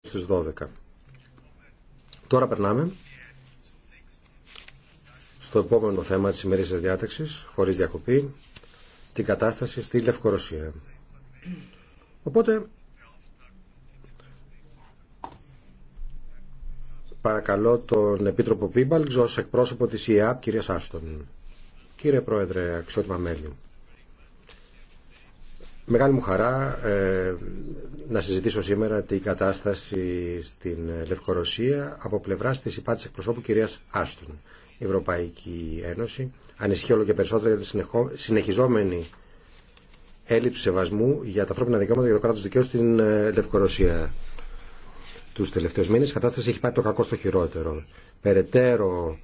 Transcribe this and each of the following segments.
στις 12. Τώρα περνάμε στο επόμενο θέμα της σημερινής διάταξης, χωρίς διακοπή, την κατάσταση στη Λευκορωσία. Οπότε, παρακαλώ τον Επίτροπο Πίμπαλξ ως εκπρόσωπο της ΙΑΠ, κυρία Σάστον. Κύριε Πρόεδρε, αξιότιμα μέλη. Μεγάλη μου χαρά ε, να συζητήσω σήμερα τη κατάσταση στην Λευκορωσία από πλευράς της υπάτης εκπροσώπου κυρίας Άστον. Η Ευρωπαϊκή Ένωση ανησυχεί όλο και περισσότερο για τη συνεχιζόμενη έλλειψη σεβασμού για τα ανθρώπινα δικαιώματα και το κράτος δικαίου στην ε, Λευκορωσία. Τους τελευταίους μήνες η κατάσταση έχει πάει το κακό στο χειρότερο. Περαιτέρω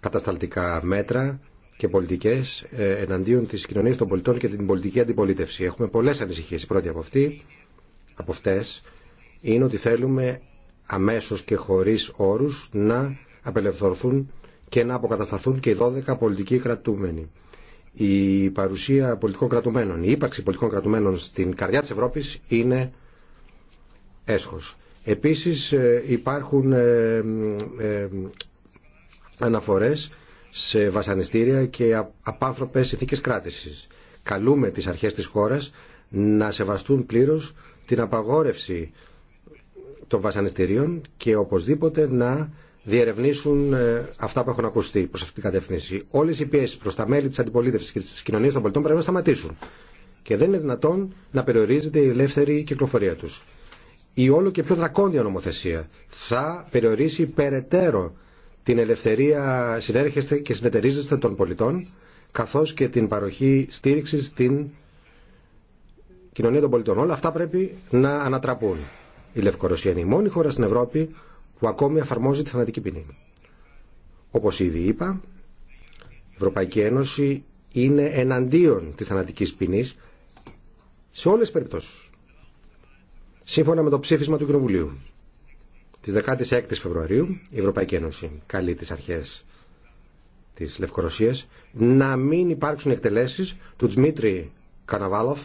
κατασταλτικά μέτρα και πολιτικέ ε, εναντίον τη κοινωνία των πολιτών και την πολιτική αντιπολίτευση. Έχουμε πολλέ ανησυχίε. Η πρώτη από, από αυτέ είναι ότι θέλουμε αμέσω και χωρί όρου να απελευθερωθούν και να αποκατασταθούν και οι 12 πολιτικοί κρατούμενοι. Η παρουσία πολιτικών κρατουμένων, η ύπαρξη πολιτικών κρατουμένων στην καρδιά τη Ευρώπη είναι έσχος. Επίσης ε, υπάρχουν ε, αναφορές σε βασανιστήρια και απάνθρωπες ηθίκε κράτηση. Καλούμε τι αρχέ τη χώρα να σεβαστούν πλήρω την απαγόρευση των βασανιστήριων και οπωσδήποτε να διερευνήσουν ε, αυτά που έχουν ακουστεί προ αυτήν την κατεύθυνση. Όλε οι πιέσει προ τα μέλη τη αντιπολίτευση και τη κοινωνία των πολιτών πρέπει να σταματήσουν. Και δεν είναι δυνατόν να περιορίζεται η ελεύθερη κυκλοφορία του. Η όλο και πιο δρακόντια νομοθεσία θα περιορίσει περαιτέρω την ελευθερία συνέρχεστε και συνεταιρίζεστε των πολιτών, καθώς και την παροχή στήριξης στην κοινωνία των πολιτών. Όλα αυτά πρέπει να ανατραπούν. Η Λευκορωσία είναι η μόνη χώρα στην Ευρώπη που ακόμη εφαρμόζει τη θανατική ποινή. Όπως ήδη είπα, η Ευρωπαϊκή Ένωση είναι εναντίον της θανατικής ποινής σε όλες τις περιπτώσεις. Σύμφωνα με το ψήφισμα του Κοινοβουλίου. Της 16 Φεβρουαρίου η Ευρωπαϊκή Ένωση καλεί τι αρχές της Λευκορωσία να μην υπάρξουν εκτελέσεις του Τσμίτρη Καναβάλοφ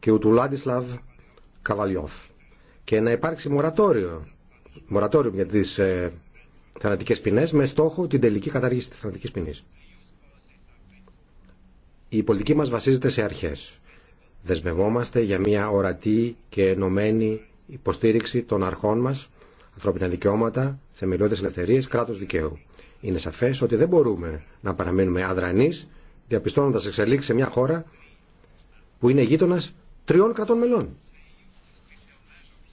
και του Λάντισλαβ Καβαλιόφ και να υπάρξει μορατόριο, μορατόριο για τις ε, θανατικές με στόχο την τελική κατάργηση τη θανατικής ποινή. Η πολιτική μας βασίζεται σε αρχές. Δεσμευόμαστε για μια ορατή και ενωμένη υποστήριξη των αρχών μας ανθρώπινα δικαιώματα, θεμελιώδει ελευθερίε, κράτο δικαίου. Είναι σαφέ ότι δεν μπορούμε να παραμείνουμε αδρανεί, διαπιστώνοντα εξελίξει σε μια χώρα που είναι γείτονα τριών κρατών μελών.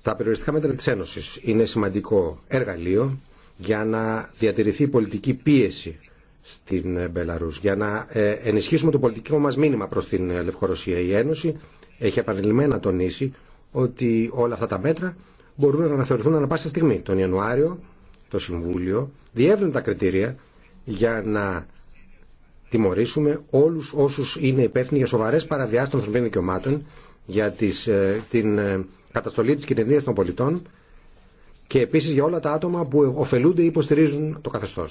Τα περιοριστικά μέτρα τη Ένωση είναι σημαντικό εργαλείο για να διατηρηθεί η πολιτική πίεση στην Μπελαρούς για να ε, ενισχύσουμε το πολιτικό μας μήνυμα προς την Λευκορωσία. Η Ένωση έχει επανειλημμένα τονίσει ότι όλα αυτά τα μέτρα μπορούν να αναθεωρηθούν ανα πάσα στιγμή. Τον Ιανουάριο το Συμβούλιο διεύρυνε τα κριτήρια για να τιμωρήσουμε όλου όσου είναι υπεύθυνοι για σοβαρέ παραβιάσει των ανθρωπίνων δικαιωμάτων, για τις, ε, την ε, καταστολή τη κοινωνία των πολιτών και επίση για όλα τα άτομα που ωφελούνται ή υποστηρίζουν το καθεστώ.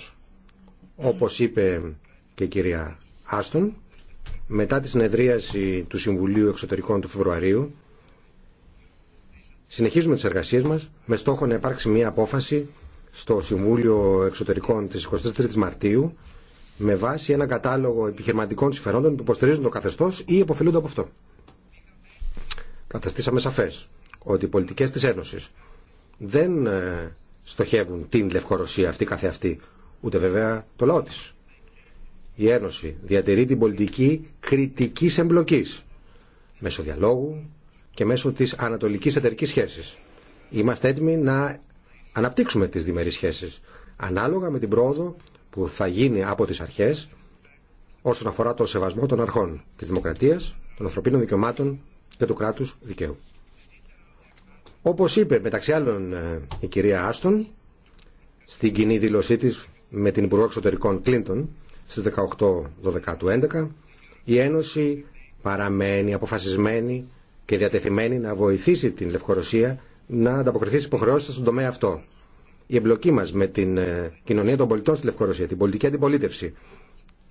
Όπω είπε και η κυρία Άστον, μετά τη συνεδρίαση του Συμβουλίου Εξωτερικών του Φεβρουαρίου, Συνεχίζουμε τις εργασίες μας με στόχο να υπάρξει μια απόφαση στο Συμβούλιο Εξωτερικών της 23 Η Μαρτίου με βάση ένα κατάλογο επιχειρηματικών συμφερόντων που υποστηρίζουν το καθεστώς ή υποφελούνται από αυτό. Καταστήσαμε σαφε ότι οι πολιτικές της Ένωσης δεν ε, στοχεύουν την Λευκορωσία αυτή καθεαυτή, ούτε βέβαια το λαό τη. Η Ένωση διατηρεί την πολιτική κριτικη εμπλοκη μέσω διαλόγου, και μέσω της ανατολικής εταιρικής σχέσης. Είμαστε έτοιμοι να αναπτύξουμε τις διμερείς σχέσεις ανάλογα με την πρόοδο που θα γίνει από τις αρχές όσον αφορά το σεβασμό των αρχών της δημοκρατίας, των ανθρωπίνων δικαιωμάτων και του κράτους δικαίου. Όπως είπε μεταξύ άλλων ε, η κυρία Άστον στην κοινή δήλωσή της με την Υπουργό Εξωτερικών Κλίντον στις 18-12 του η Ένωση παραμένει αποφασισμένη και διατεθειμένη να βοηθήσει την Λευκορωσία να ανταποκριθεί στι υποχρεώσει στον τομέα αυτό. Η εμπλοκή μα με την ε, κοινωνία των πολιτών στη Λευκορωσία, την πολιτική αντιπολίτευση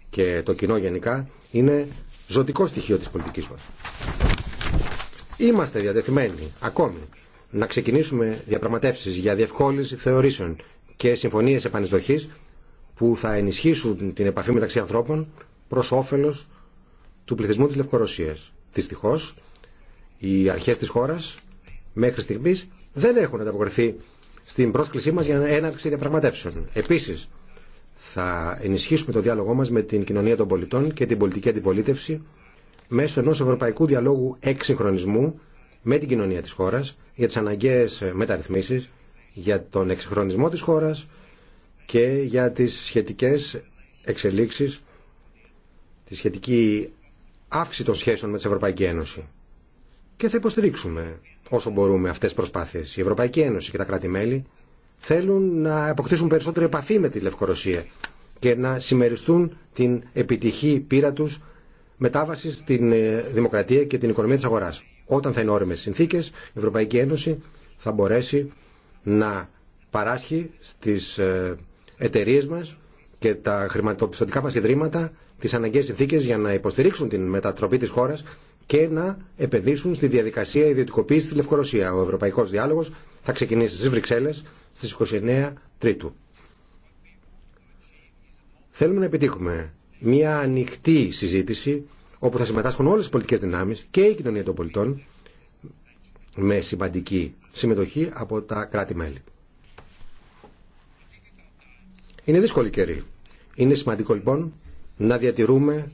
και το κοινό γενικά είναι ζωτικό στοιχείο τη πολιτική μα. Είμαστε διατεθειμένοι ακόμη να ξεκινήσουμε διαπραγματεύσει για διευκόλυνση θεωρήσεων και συμφωνίε επανεισδοχή που θα ενισχύσουν την επαφή μεταξύ ανθρώπων προ όφελο του πληθυσμού τη Λευκορωσία. Δυστυχώ, οι αρχέ τη χώρα μέχρι στιγμή δεν έχουν ανταποκριθεί στην πρόσκλησή μα για έναρξη διαπραγματεύσεων. Επίση, θα ενισχύσουμε το διάλογό μα με την κοινωνία των πολιτών και την πολιτική αντιπολίτευση μέσω ενό ευρωπαϊκού διαλόγου εξυγχρονισμού με την κοινωνία τη χώρα, για τι αναγκαίε μεταρρυθμίσει, για τον εξυγχρονισμό τη χώρα και για τις σχετικές εξελίξεις, τη σχετική αύξηση των σχέσεων με την Ευρωπαϊκή Ένωση και θα υποστηρίξουμε όσο μπορούμε αυτές τις προσπάθειες. Η Ευρωπαϊκή Ένωση και τα κράτη-μέλη θέλουν να αποκτήσουν περισσότερη επαφή με τη Λευκορωσία και να συμμεριστούν την επιτυχή πείρα τους μετάβαση στην ε, δημοκρατία και την οικονομία της αγοράς. Όταν θα είναι όριμες συνθήκες, η Ευρωπαϊκή Ένωση θα μπορέσει να παράσχει στις ε, εταιρείε μας και τα χρηματοπιστωτικά μας ιδρύματα τις αναγκαίες συνθήκες για να υποστηρίξουν την μετατροπή της χώρας και να επενδύσουν στη διαδικασία ιδιωτικοποίηση τη Λευκορωσία. Ο Ευρωπαϊκό Διάλογο θα ξεκινήσει στι Βρυξέλλε στι 29 Τρίτου. Θέλουμε να επιτύχουμε μια ανοιχτή συζήτηση όπου θα συμμετάσχουν όλες οι πολιτικές δυνάμεις και η κοινωνία των πολιτών με σημαντική συμμετοχή από τα κράτη-μέλη. Είναι δύσκολη καιρή. Είναι σημαντικό λοιπόν να διατηρούμε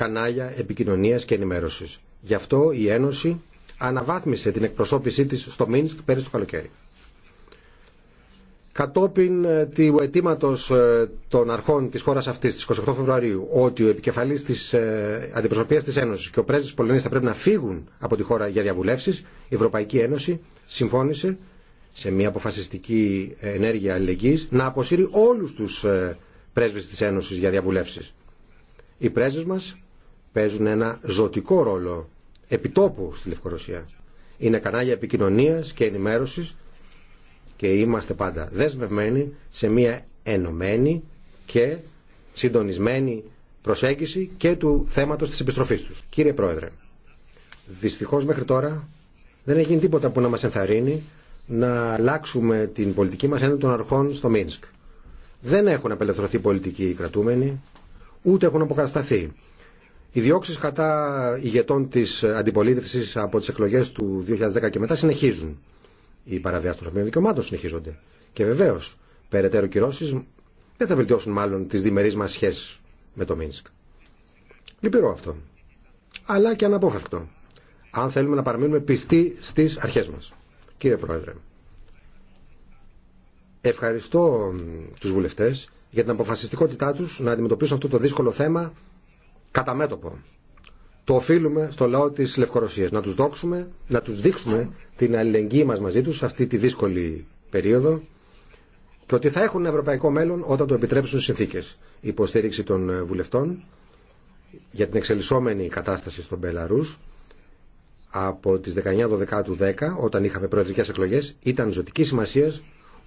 κανάλια επικοινωνία και ενημέρωση. Γι' αυτό η Ένωση αναβάθμισε την εκπροσώπησή τη στο Μίνσκ πέρυσι το καλοκαίρι. Κατόπιν ε, του αιτήματο ε, των αρχών τη χώρα αυτή στι 28 Φεβρουαρίου ότι ο επικεφαλή τη ε, αντιπροσωπεία τη Ένωση και ο πρέσβη Πολωνία θα πρέπει να φύγουν από τη χώρα για διαβουλεύσει, η Ευρωπαϊκή Ένωση συμφώνησε σε μια αποφασιστική ενέργεια αλληλεγγύη να αποσύρει όλου του πρέσβει τη Ένωση για διαβουλεύσει. Οι πρέσβει μα παίζουν ένα ζωτικό ρόλο επιτόπου στη Λευκορωσία. Είναι κανάλια επικοινωνίας και ενημέρωσης και είμαστε πάντα δεσμευμένοι σε μια ενωμένη και συντονισμένη προσέγγιση και του θέματος της επιστροφής τους. Κύριε Πρόεδρε, δυστυχώς μέχρι τώρα δεν έχει γίνει τίποτα που να μας ενθαρρύνει να αλλάξουμε την πολιτική μας έναντι των αρχών στο Μίνσκ. Δεν έχουν απελευθερωθεί πολιτικοί κρατούμενοι, ούτε έχουν αποκατασταθεί. Οι διώξει κατά ηγετών της αντιπολίτευσης από τις εκλογές του 2010 και μετά συνεχίζουν. Οι παραβιάσει των ανθρωπίνων δικαιωμάτων συνεχίζονται. Και βεβαίως, περαιτέρω κυρώσει δεν θα βελτιώσουν μάλλον τις διμερείς μα σχέσεις με το Μίνσκ. Λυπηρό αυτό. Αλλά και αναπόφευκτο. Αν θέλουμε να παραμείνουμε πιστοί στι αρχέ μα. Κύριε Πρόεδρε, ευχαριστώ του βουλευτέ για την αποφασιστικότητά του να αντιμετωπίσουν αυτό το δύσκολο θέμα κατά μέτωπο. Το οφείλουμε στο λαό τη Λευκορωσία. Να του δόξουμε, να του δείξουμε την αλληλεγγύη μα μαζί του σε αυτή τη δύσκολη περίοδο και ότι θα έχουν ευρωπαϊκό μέλλον όταν το επιτρέψουν οι συνθήκε. Η υποστήριξη των ε, βουλευτών για την εξελισσόμενη κατάσταση στον Μπελαρού από τι 19 του 10, όταν είχαμε προεδρικέ εκλογέ, ήταν ζωτική σημασία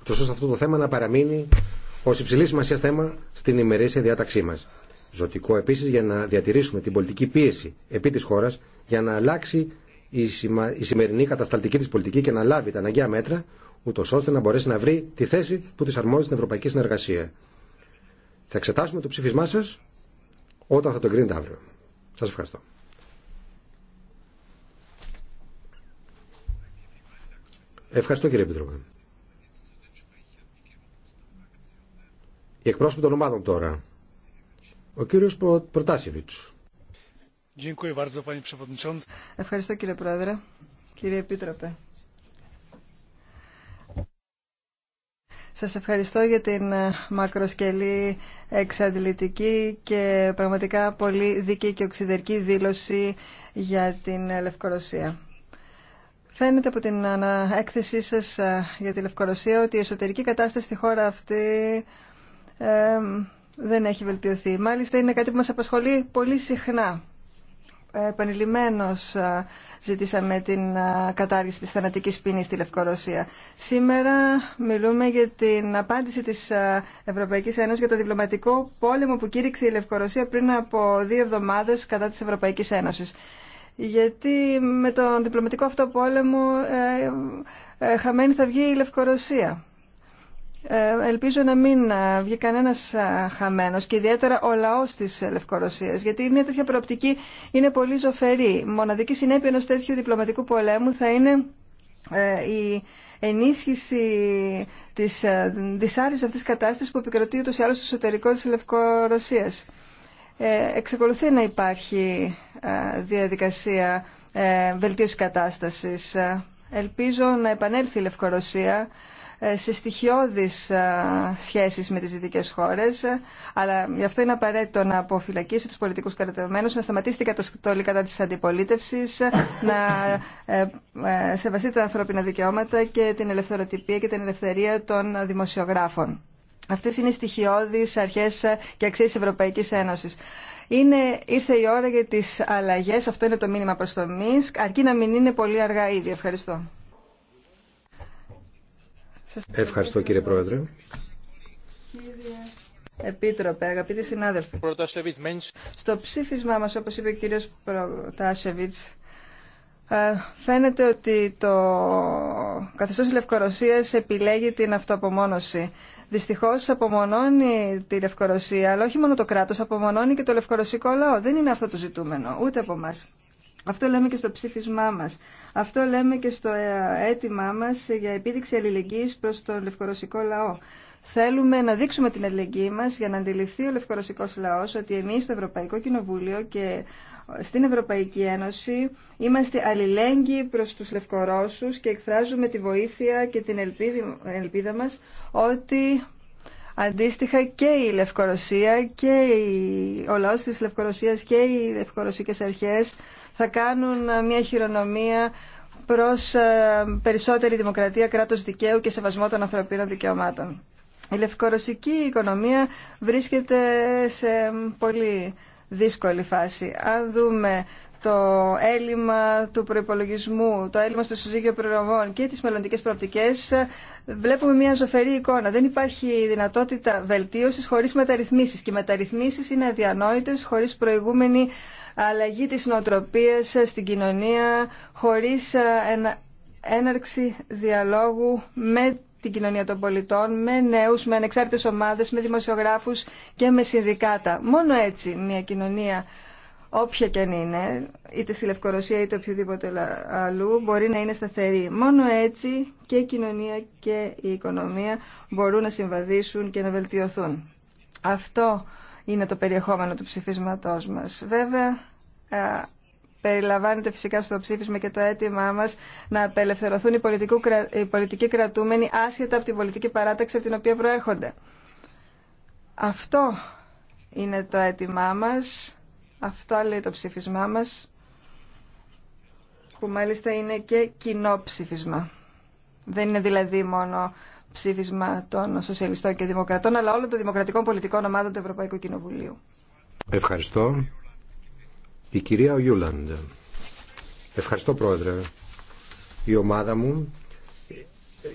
ώστε αυτό το θέμα να παραμείνει ω υψηλή σημασία θέμα στην ημερήσια διάταξή μα. Ζωτικό επίσης για να διατηρήσουμε την πολιτική πίεση επί της χώρας για να αλλάξει η, σημερινή κατασταλτική της πολιτική και να λάβει τα αναγκαία μέτρα ούτως ώστε να μπορέσει να βρει τη θέση που της αρμόζει στην Ευρωπαϊκή Συνεργασία. Θα εξετάσουμε το ψήφισμά σας όταν θα το εγκρίνετε αύριο. Σας ευχαριστώ. Ευχαριστώ κύριε Επιτροπέ. Οι εκπρόσωποι των ομάδων τώρα. Ο κύριος Ευχαριστώ κύριε Πρόεδρε. Κύριε Επίτροπε. Σας ευχαριστώ για την ε, μακροσκελή, εξαντλητική και πραγματικά πολύ δική και οξυδερκή δήλωση για την ε, Λευκορωσία. Φαίνεται από την έκθεσή σας ε, για τη Λευκορωσία ότι η εσωτερική κατάσταση στη χώρα αυτή δεν έχει βελτιωθεί. Μάλιστα είναι κάτι που μας απασχολεί πολύ συχνά. Ε, Επανειλημμένως ε, ζητήσαμε την ε, κατάργηση της θανατικής ποινής στη Λευκορωσία. Σήμερα μιλούμε για την απάντηση της Ευρωπαϊκής Ένωσης για το διπλωματικό πόλεμο που κήρυξε η Λευκορωσία πριν από δύο εβδομάδες κατά της Ευρωπαϊκής Ένωσης. Γιατί με τον διπλωματικό αυτό πόλεμο χαμένη θα βγει η Λευκορωσία. Ε, ελπίζω να μην ε, βγει κανένα ε, χαμένο και ιδιαίτερα ο λαό τη Λευκορωσία. Γιατί μια τέτοια προοπτική είναι πολύ ζωφερή. Μοναδική συνέπεια ενό τέτοιου διπλωματικού πολέμου θα είναι η ενίσχυση τη δυσάρεση αυτή τη κατάσταση που επικρατεί ούτω ή άλλω στο εσωτερικό τη Λευκορωσία. εξακολουθεί να υπάρχει διαδικασία ε, βελτίωση κατάστασης. Ελπίζω να επανέλθει η Λευκορωσία ε, σε στοιχειώδεις ε, σχέσεις με τις δυτικές χώρες, ε, αλλά γι' αυτό είναι απαραίτητο να αποφυλακίσει τους πολιτικούς κρατευμένους, να σταματήσει την καταστολή κατά της αντιπολίτευσης, να σεβαστεί τα ανθρώπινα δικαιώματα και την ελευθεροτυπία και την ελευθερία των δημοσιογράφων. Αυτές είναι οι στοιχειώδεις αρχές και αξίες της Ευρωπαϊκής Ένωσης. Είναι, ήρθε η ώρα για τις αλλαγές, αυτό είναι το μήνυμα προς το ΜΙΣΚ, αρκεί να μην είναι πολύ αργά ήδη. Ευχαριστώ. Ευχαριστώ κύριε Πρόεδρε. Επίτροπε, αγαπητοί συνάδελφοι. Στο ψήφισμά μας, όπως είπε ο κύριος Προτάσεβιτς, ε, φαίνεται ότι το καθεστώς Λευκορωσίας επιλέγει την αυτοαπομόνωση. Δυστυχώς απομονώνει τη Λευκορωσία, αλλά όχι μόνο το κράτος, απομονώνει και το λευκορωσικό λαό. Δεν είναι αυτό το ζητούμενο, ούτε από εμάς. Αυτό λέμε και στο ψήφισμά μας. Αυτό λέμε και στο ε, αίτημά μας για επίδειξη αλληλεγγύης προς τον λευκορωσικό λαό. Θέλουμε να δείξουμε την αλληλεγγύη μας για να αντιληφθεί ο λευκορωσικός λαός ότι εμείς στο Ευρωπαϊκό Κοινοβούλιο και στην Ευρωπαϊκή Ένωση είμαστε αλληλέγγυοι προς τους λευκορώσους και εκφράζουμε τη βοήθεια και την ελπίδα μας ότι Αντίστοιχα και η Λευκορωσία και ο λαός της Λευκορωσίας και οι λευκορωσικές αρχές θα κάνουν μια χειρονομία προς ε, περισσότερη δημοκρατία, κράτος δικαίου και σεβασμό των ανθρωπίνων δικαιωμάτων. Η λευκορωσική οικονομία βρίσκεται σε πολύ δύσκολη φάση. Αν δούμε το έλλειμμα του προϋπολογισμού, το έλλειμμα στο συζύγιο προϊόντων και τις μελλοντικές προοπτικές, βλέπουμε μια ζωφερή εικόνα. Δεν υπάρχει δυνατότητα βελτίωσης χωρίς μεταρρυθμίσεις και οι μεταρρυθμίσεις είναι αδιανόητες χωρίς προηγούμενη αλλαγή της νοοτροπίας στην κοινωνία χωρίς ένα ε, έναρξη διαλόγου με την κοινωνία των πολιτών, με νέους, με ανεξάρτητες ομάδες, με δημοσιογράφους και με συνδικάτα. Μόνο έτσι μια κοινωνία όποια και αν είναι, είτε στη Λευκορωσία είτε οποιοδήποτε αλλού, μπορεί να είναι σταθερή. Μόνο έτσι και η κοινωνία και η οικονομία μπορούν να συμβαδίσουν και να βελτιωθούν. Αυτό είναι το περιεχόμενο του ψηφίσματός μας. Βέβαια, ε, περιλαμβάνεται φυσικά στο ψήφισμα και το αίτημά μας να απελευθερωθούν οι πολιτικοί κρατούμενοι άσχετα από την πολιτική παράταξη από την οποία προέρχονται. Αυτό είναι το αίτημά μας, αυτό λέει το ψήφισμά μας, που μάλιστα είναι και κοινό ψήφισμα. Δεν είναι δηλαδή μόνο ψήφισμα των Σοσιαλιστών και Δημοκρατών, αλλά όλων των Δημοκρατικών Πολιτικών Ομάδων του Ευρωπαϊκού Κοινοβουλίου. Ευχαριστώ. Η κυρία Γιούλαντ. Ευχαριστώ, Πρόεδρε. Η ομάδα μου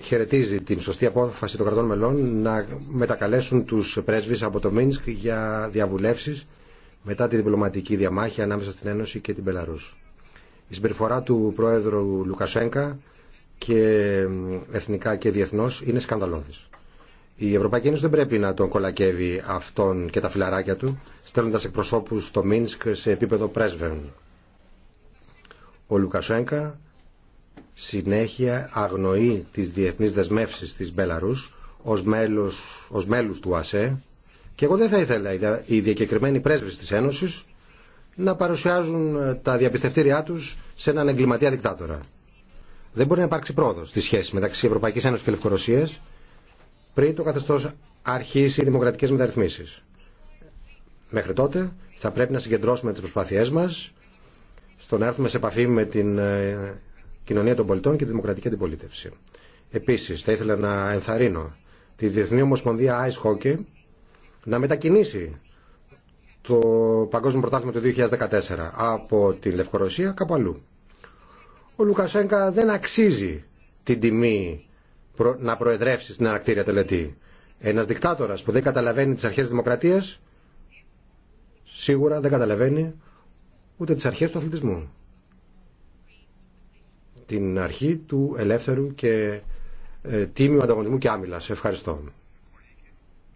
χαιρετίζει την σωστή απόφαση των κρατών μελών να μετακαλέσουν τους πρέσβεις από το Μίνσκ για διαβουλεύσεις μετά τη διπλωματική διαμάχη ανάμεσα στην Ένωση και την Πελαρούς. Η συμπεριφορά του Πρόεδρου Λουκασέγκα και εθνικά και διεθνώ είναι σκανδαλώδη. Η Ευρωπαϊκή Ένωση δεν πρέπει να τον κολακεύει αυτόν και τα φιλαράκια του, στέλνοντα εκπροσώπους στο Μίνσκ σε επίπεδο πρέσβεων. Ο Λουκασέγκα συνέχεια αγνοεί τις διεθνείς δεσμεύσεις της Μπέλαρους ως, μέλος, μέλους του ΑΣΕ και εγώ δεν θα ήθελα οι διακεκριμένοι πρέσβεις της Ένωσης να παρουσιάζουν τα διαπιστευτήριά τους σε έναν εγκληματία δικτάτορα δεν μπορεί να υπάρξει πρόοδο στη σχέση μεταξύ Ευρωπαϊκή Ένωση και Λευκορωσία πριν το καθεστώ αρχίσει οι δημοκρατικέ μεταρρυθμίσει. Μέχρι τότε θα πρέπει να συγκεντρώσουμε τι προσπάθειέ μα στο να έρθουμε σε επαφή με την ε, κοινωνία των πολιτών και τη δημοκρατική αντιπολίτευση. Επίση, θα ήθελα να ενθαρρύνω τη Διεθνή Ομοσπονδία Ice Hockey να μετακινήσει το Παγκόσμιο Πρωτάθλημα του 2014 από τη Λευκορωσία κάπου αλλού. Ο Λουκασέγκα δεν αξίζει την τιμή να προεδρεύσει στην ανακτήρια τελετή. Ένας δικτάτορας που δεν καταλαβαίνει τις αρχές της δημοκρατίας, σίγουρα δεν καταλαβαίνει ούτε τις αρχές του αθλητισμού. Την αρχή του ελεύθερου και ε, τίμιου ανταγωνισμού και άμυλα. Σε ευχαριστώ.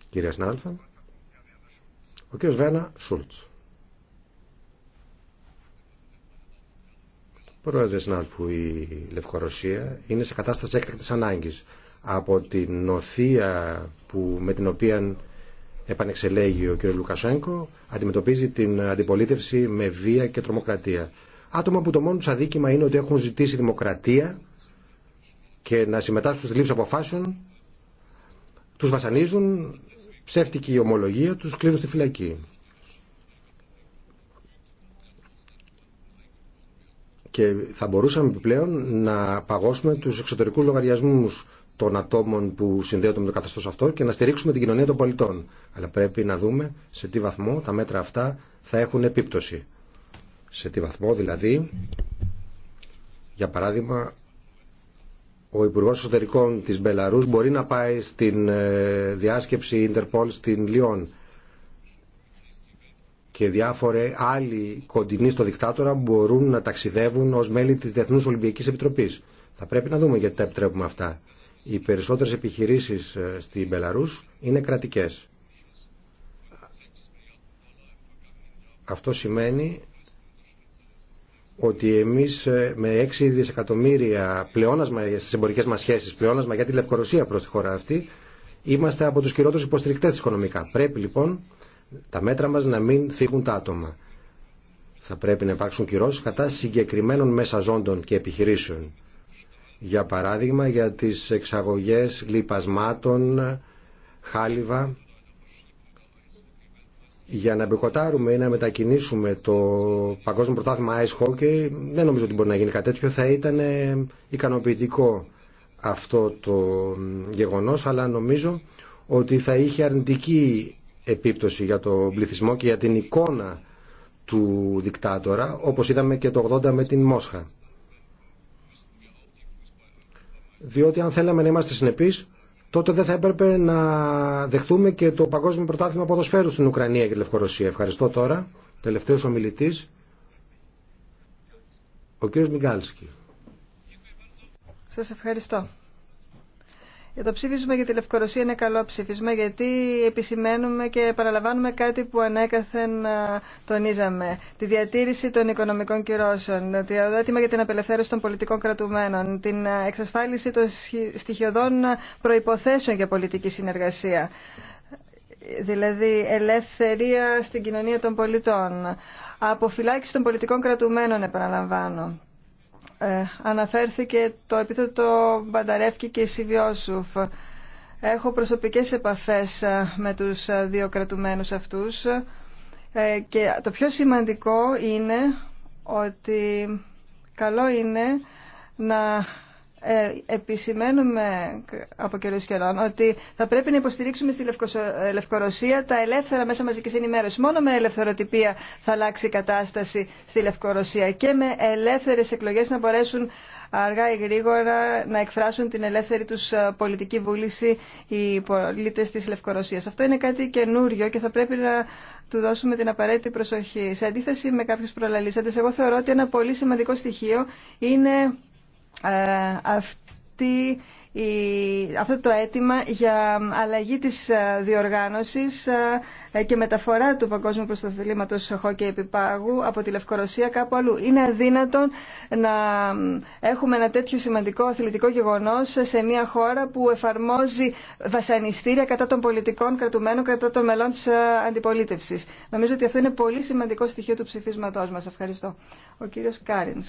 Κυρία Συνάδελφα. Ο κύριος Βένα Σούλτς. Πρόεδρε Συνάλφου, η Λευκορωσία είναι σε κατάσταση έκτακτης ανάγκης από την νοθεία που, με την οποία επανεξελέγει ο κ. Λουκασέγκο αντιμετωπίζει την αντιπολίτευση με βία και τρομοκρατία. Άτομα που το μόνο του αδίκημα είναι ότι έχουν ζητήσει δημοκρατία και να συμμετάσχουν στη λήψη αποφάσεων, τους βασανίζουν, ψεύτικη η ομολογία, τους κλείνουν στη φυλακή. και θα μπορούσαμε επιπλέον να παγώσουμε τους εξωτερικούς λογαριασμούς των ατόμων που συνδέονται με το καθεστώς αυτό και να στηρίξουμε την κοινωνία των πολιτών. Αλλά πρέπει να δούμε σε τι βαθμό τα μέτρα αυτά θα έχουν επίπτωση. Σε τι βαθμό δηλαδή, για παράδειγμα, ο Υπουργός Εσωτερικών της Μπελαρούς μπορεί να πάει στην ε, διάσκεψη Ιντερπολ στην Λιόν και διάφοροι άλλοι κοντινοί στο δικτάτορα μπορούν να ταξιδεύουν ως μέλη της Διεθνούς Ολυμπιακής Επιτροπής. Θα πρέπει να δούμε γιατί τα επιτρέπουμε αυτά. Οι περισσότερες επιχειρήσεις ε, στη Μπελαρούς είναι κρατικές. Αυτό σημαίνει ότι εμείς ε, με 6 δισεκατομμύρια πλεόνασμα στις εμπορικές μας σχέσεις, πλεόνασμα για τη Λευκορωσία προς τη χώρα αυτή, είμαστε από τους κυριότερους υποστηρικτές οικονομικά. Πρέπει λοιπόν τα μέτρα μας να μην θίγουν τα άτομα. Θα πρέπει να υπάρξουν κυρώσεις κατά συγκεκριμένων μέσα ζώντων και επιχειρήσεων. Για παράδειγμα για τις εξαγωγές λιπασμάτων, χάλιβα, για να μπεκοτάρουμε ή να μετακινήσουμε το Παγκόσμιο Πρωτάθλημα Ice Hockey δεν νομίζω ότι μπορεί να γίνει κάτι τέτοιο θα ήταν ε, ικανοποιητικό αυτό το γεγονός αλλά νομίζω ότι θα είχε αρνητική επίπτωση για τον πληθυσμό και για την εικόνα του δικτάτορα, όπως είδαμε και το 80 με την Μόσχα. Διότι αν θέλαμε να είμαστε συνεπείς, τότε δεν θα έπρεπε να δεχτούμε και το Παγκόσμιο Πρωτάθλημα Ποδοσφαίρου στην Ουκρανία και τη Λευκορωσία. Ευχαριστώ τώρα. Τελευταίος ομιλητής, ο κύριος Μιγκάλσκι. Σας ευχαριστώ. Το ψήφισμα για τη Λευκορωσία είναι καλό ψήφισμα γιατί επισημαίνουμε και παραλαμβάνουμε κάτι που ανέκαθεν τονίζαμε. Τη διατήρηση των οικονομικών κυρώσεων, το αίτημα για την απελευθέρωση των πολιτικών κρατουμένων, την εξασφάλιση των στοιχειωδών προϋποθέσεων για πολιτική συνεργασία δηλαδή ελευθερία στην κοινωνία των πολιτών, αποφυλάκηση των πολιτικών κρατουμένων, επαναλαμβάνω, ε, αναφέρθηκε το επίθετο Μπανταρεύκη και Σιβιόσουφ. Έχω προσωπικές επαφές ε, με τους ε, δύο κρατουμένους αυτούς και το πιο σημαντικό είναι ότι καλό είναι να ε, επισημαίνουμε από καιρού καιρών ότι θα πρέπει να υποστηρίξουμε στη ε, Λευκορωσία τα ελεύθερα μέσα μαζική ενημέρωση. Μόνο με ελευθεροτυπία θα αλλάξει η κατάσταση στη Λευκορωσία και με ελεύθερε εκλογέ να μπορέσουν αργά ή γρήγορα να εκφράσουν την ελεύθερη του ε, πολιτική βούληση οι πολίτε τη Λευκορωσία. Αυτό είναι κάτι καινούριο και θα πρέπει να του δώσουμε την απαραίτητη προσοχή. Σε αντίθεση με κάποιου προλαλήσαντε, εγώ θεωρώ ότι ένα πολύ σημαντικό στοιχείο είναι ε, αυτό το αίτημα για αλλαγή της ε, διοργάνωσης ε, και μεταφορά του παγκόσμιου προσταθλήματος και επιπάγου από τη Λευκορωσία κάπου αλλού. Είναι αδύνατον να έχουμε ένα τέτοιο σημαντικό αθλητικό γεγονός σε μια χώρα που εφαρμόζει βασανιστήρια κατά των πολιτικών κρατουμένων, κατά των μελών της αντιπολίτευσης. Νομίζω ότι αυτό είναι πολύ σημαντικό στοιχείο του ψηφίσματός μας. Ευχαριστώ. Ο κύριος Κάριν.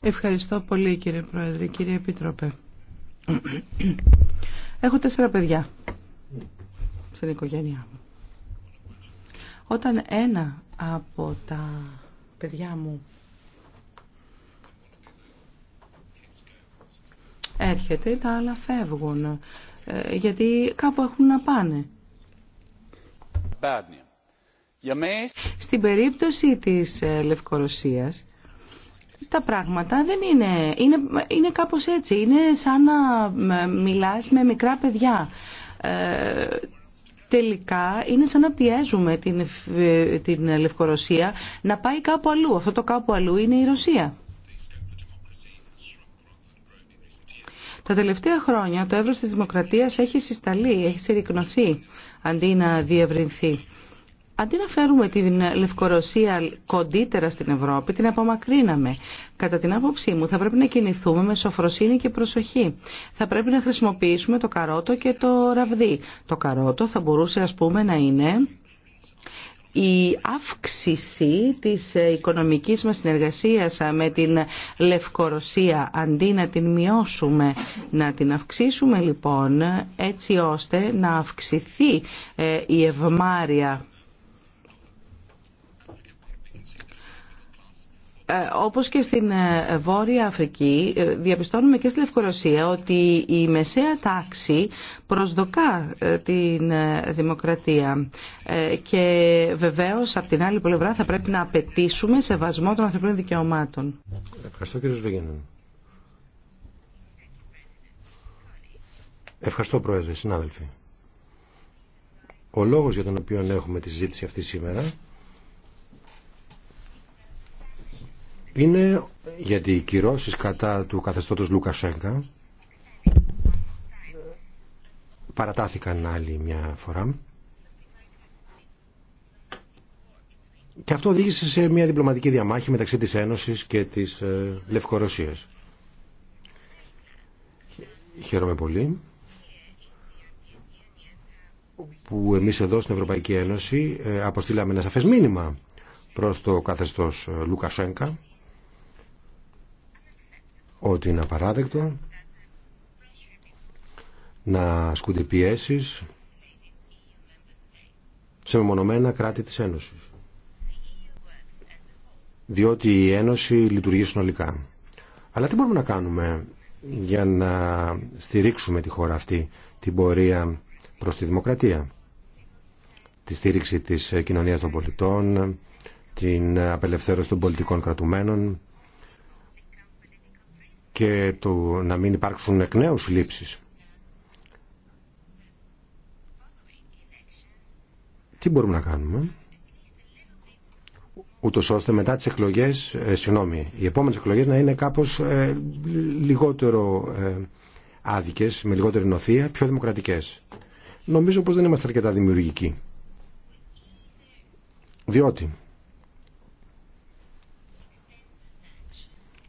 Ευχαριστώ πολύ κύριε Πρόεδρε, κύριε Επίτροπε. Έχω τέσσερα παιδιά στην οικογένειά μου. Όταν ένα από τα παιδιά μου έρχεται, τα άλλα φεύγουν, ε, γιατί κάπου έχουν να πάνε. Bad στην περίπτωση της ε, Λευκορωσίας, τα πράγματα δεν είναι, είναι, είναι κάπως έτσι, είναι σαν να μιλάς με μικρά παιδιά. Ε, τελικά είναι σαν να πιέζουμε την, ε, την Λευκορωσία να πάει κάπου αλλού. Αυτό το κάπου αλλού είναι η Ρωσία. Τα τελευταία χρόνια το εύρος της δημοκρατίας έχει συσταλεί, έχει συρρυκνωθεί αντί να διευρυνθεί. Αντί να φέρουμε την Λευκορωσία κοντύτερα στην Ευρώπη, την απομακρύναμε. Κατά την άποψή μου θα πρέπει να κινηθούμε με σοφροσύνη και προσοχή. Θα πρέπει να χρησιμοποιήσουμε το καρότο και το ραβδί. Το καρότο θα μπορούσε ας πούμε να είναι η αύξηση της οικονομικής μας συνεργασίας με την Λευκορωσία αντί να την μειώσουμε, να την αυξήσουμε λοιπόν έτσι ώστε να αυξηθεί ε, η ευμάρεια Ε, όπως και στην ε, Βόρεια Αφρική, ε, διαπιστώνουμε και στη Λευκορωσία ότι η μεσαία τάξη προσδοκά την δημοκρατία. Και βεβαίως, από την άλλη πλευρά, θα πρέπει να απαιτήσουμε σεβασμό των ανθρωπίνων δικαιωμάτων. Ευχαριστώ κύριε Σβήγενον. Ευχαριστώ Πρόεδρε, συνάδελφοι. Ο λόγος για τον οποίο έχουμε τη συζήτηση αυτή σήμερα είναι γιατί οι κυρώσεις κατά του καθεστώτος Λουκασέγκα παρατάθηκαν άλλη μια φορά και αυτό οδήγησε σε μια διπλωματική διαμάχη μεταξύ της Ένωσης και της ε, Λευκορωσίας. Χαίρομαι πολύ που εμείς εδώ στην Ευρωπαϊκή Ένωση ε, αποστήλαμε ένα σαφές μήνυμα προς το καθεστώς ε, Λουκασέγκα ότι είναι απαράδεκτο να ασκούνται πιέσει σε μεμονωμένα κράτη της Ένωσης. Διότι η Ένωση λειτουργεί συνολικά. Αλλά τι μπορούμε να κάνουμε για να στηρίξουμε τη χώρα αυτή, την πορεία προς τη δημοκρατία. Τη στήριξη της κοινωνίας των πολιτών, την απελευθέρωση των πολιτικών κρατουμένων, και το να μην υπάρξουν εκ νέου λήψεις. Τι μπορούμε να κάνουμε ούτω ώστε μετά τις εκλογές, ε, συγγνώμη, οι επόμενε εκλογές να είναι κάπως ε, λιγότερο ε, άδικες, με λιγότερη νοθεία, πιο δημοκρατικές. Νομίζω πως δεν είμαστε αρκετά δημιουργικοί. Διότι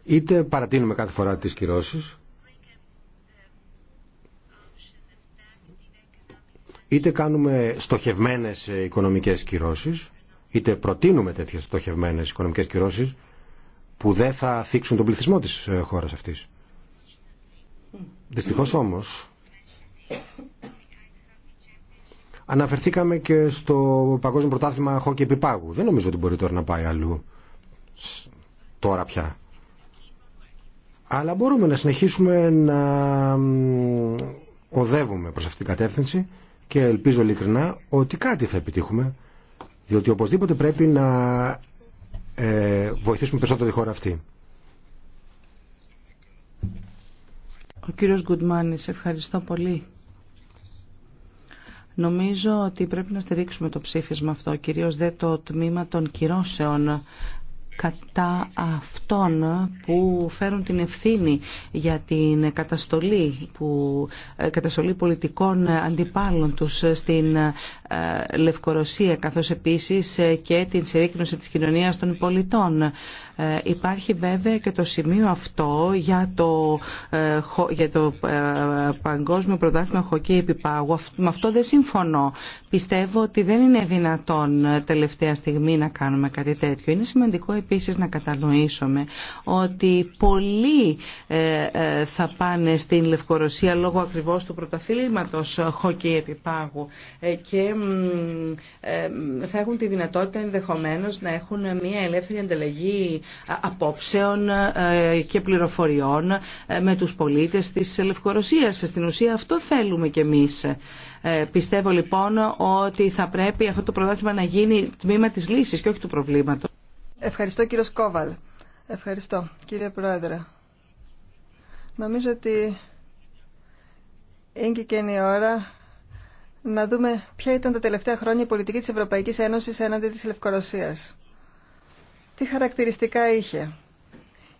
είτε παρατείνουμε κάθε φορά τις κυρώσεις είτε κάνουμε στοχευμένες οικονομικές κυρώσεις είτε προτείνουμε τέτοιες στοχευμένες οικονομικές κυρώσεις που δεν θα θίξουν τον πληθυσμό της ε, χώρας αυτής. Δυστυχώς όμως αναφερθήκαμε και στο παγκόσμιο πρωτάθλημα χόκι επιπάγου. Δεν νομίζω ότι μπορεί τώρα να πάει αλλού τώρα πια. Αλλά μπορούμε να συνεχίσουμε να οδεύουμε προς αυτήν την κατεύθυνση και ελπίζω ειλικρινά ότι κάτι θα επιτύχουμε διότι οπωσδήποτε πρέπει να ε, βοηθήσουμε περισσότερο τη χώρα αυτή. Ο κύριος Γκουτμάνης, ευχαριστώ πολύ. Νομίζω ότι πρέπει να στηρίξουμε το ψήφισμα αυτό, κυρίως δε το τμήμα των κυρώσεων κατά αυτών που φέρουν την ευθύνη για την καταστολή, που, ε, καταστολή πολιτικών αντιπάλων τους στην ε, Λευκορωσία καθώς επίσης ε, και την συρρήκνωση της κοινωνίας των πολιτών. Ε, υπάρχει βέβαια και το σημείο αυτό για το, ε, για το ε, Παγκόσμιο Πρωτάθλημα Χοκκί Επιπάγου. Με αυτό δεν συμφωνώ. Πιστεύω ότι δεν είναι δυνατόν τελευταία στιγμή να κάνουμε κάτι τέτοιο. Είναι σημαντικό επίσης να κατανοήσουμε ότι πολλοί θα πάνε στην Λευκορωσία λόγω ακριβώς του πρωταθλήματος χοκκί επιπάγου και θα έχουν τη δυνατότητα ενδεχομένως να έχουν μια ελεύθερη ανταλλαγή απόψεων ε, και πληροφοριών ε, με τους πολίτες της Λευκορωσίας. Στην ουσία αυτό θέλουμε κι εμείς. Ε, πιστεύω λοιπόν ότι θα πρέπει αυτό το προδάστημα να γίνει τμήμα της λύσης και όχι του προβλήματος. Ευχαριστώ κύριο Σκόβαλ. Ευχαριστώ κύριε Πρόεδρε. Νομίζω ότι είναι η ώρα να δούμε ποια ήταν τα τελευταία χρόνια η πολιτική της Ευρωπαϊκής Ένωσης έναντι της Λευκορωσίας τι χαρακτηριστικά είχε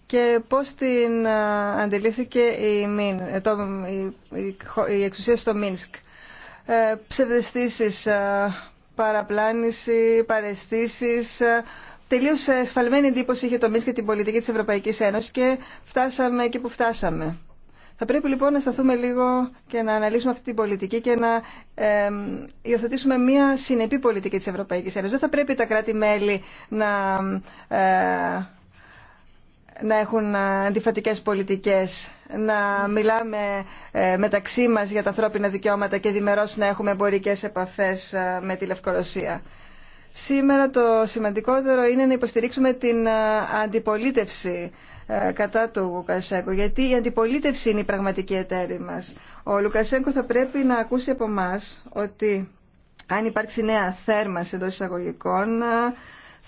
και πώς την αντιλήφθηκε η, ε, η, η εξουσία στο Μίνσκ. Ε, ψευδεστήσεις, παραπλάνηση, παρεστήσεις, τελείως εσφαλμένη εντύπωση είχε το Μίνσκ και την πολιτική της Ευρωπαϊκής Ένωσης και φτάσαμε εκεί που φτάσαμε. Θα πρέπει λοιπόν να σταθούμε λίγο και να αναλύσουμε αυτή την πολιτική και να ε, υιοθετήσουμε μια συνεπή πολιτική της Ευρωπαϊκής Ένωσης. Δεν θα πρέπει τα κράτη-μέλη να, ε, να έχουν αντιφατικές πολιτικές, να μιλάμε ε, μεταξύ μας για τα ανθρώπινα δικαιώματα και διμερώς να έχουμε εμπορικές επαφές ε, με τη Λευκορωσία. Σήμερα το σημαντικότερο είναι να υποστηρίξουμε την αντιπολίτευση ε, κατά του Λουκασέγκο, γιατί η αντιπολίτευση είναι η πραγματική εταίρη μας. Ο Λουκασέγκο θα πρέπει να ακούσει από εμά ότι αν υπάρξει νέα θέρμανση εντό εισαγωγικών, ε,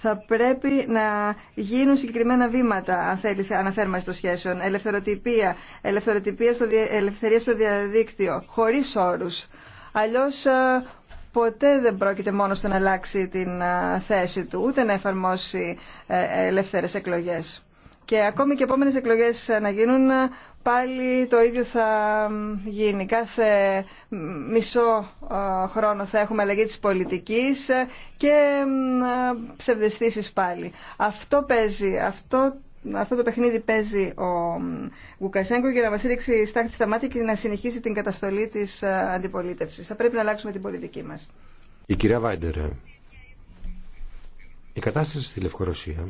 θα πρέπει να γίνουν συγκεκριμένα βήματα αν θέλει αναθέρμανση των σχέσεων. Ελευθεροτυπία, ελευθεροτυπία στο ελευθερία στο διαδίκτυο, χωρίς όρους. Αλλιώς ε, ποτέ δεν πρόκειται μόνο στο να αλλάξει την θέση του, ούτε να εφαρμόσει ελεύθερες εκλογές. Και ακόμη και επόμενε εκλογές να γίνουν, πάλι το ίδιο θα γίνει. Κάθε μισό ε, χρόνο θα έχουμε αλλαγή τη πολιτικής και ε, ψευδεστήσει πάλι. Αυτό παίζει, αυτό αυτό το παιχνίδι παίζει ο Γουκασέγκο για να μα ρίξει στάχτη στα μάτια και να συνεχίσει την καταστολή τη ε, αντιπολίτευση. Θα πρέπει να αλλάξουμε την πολιτική μα. Η κυρία Βάιντερ, η κατάσταση στη Λευκορωσία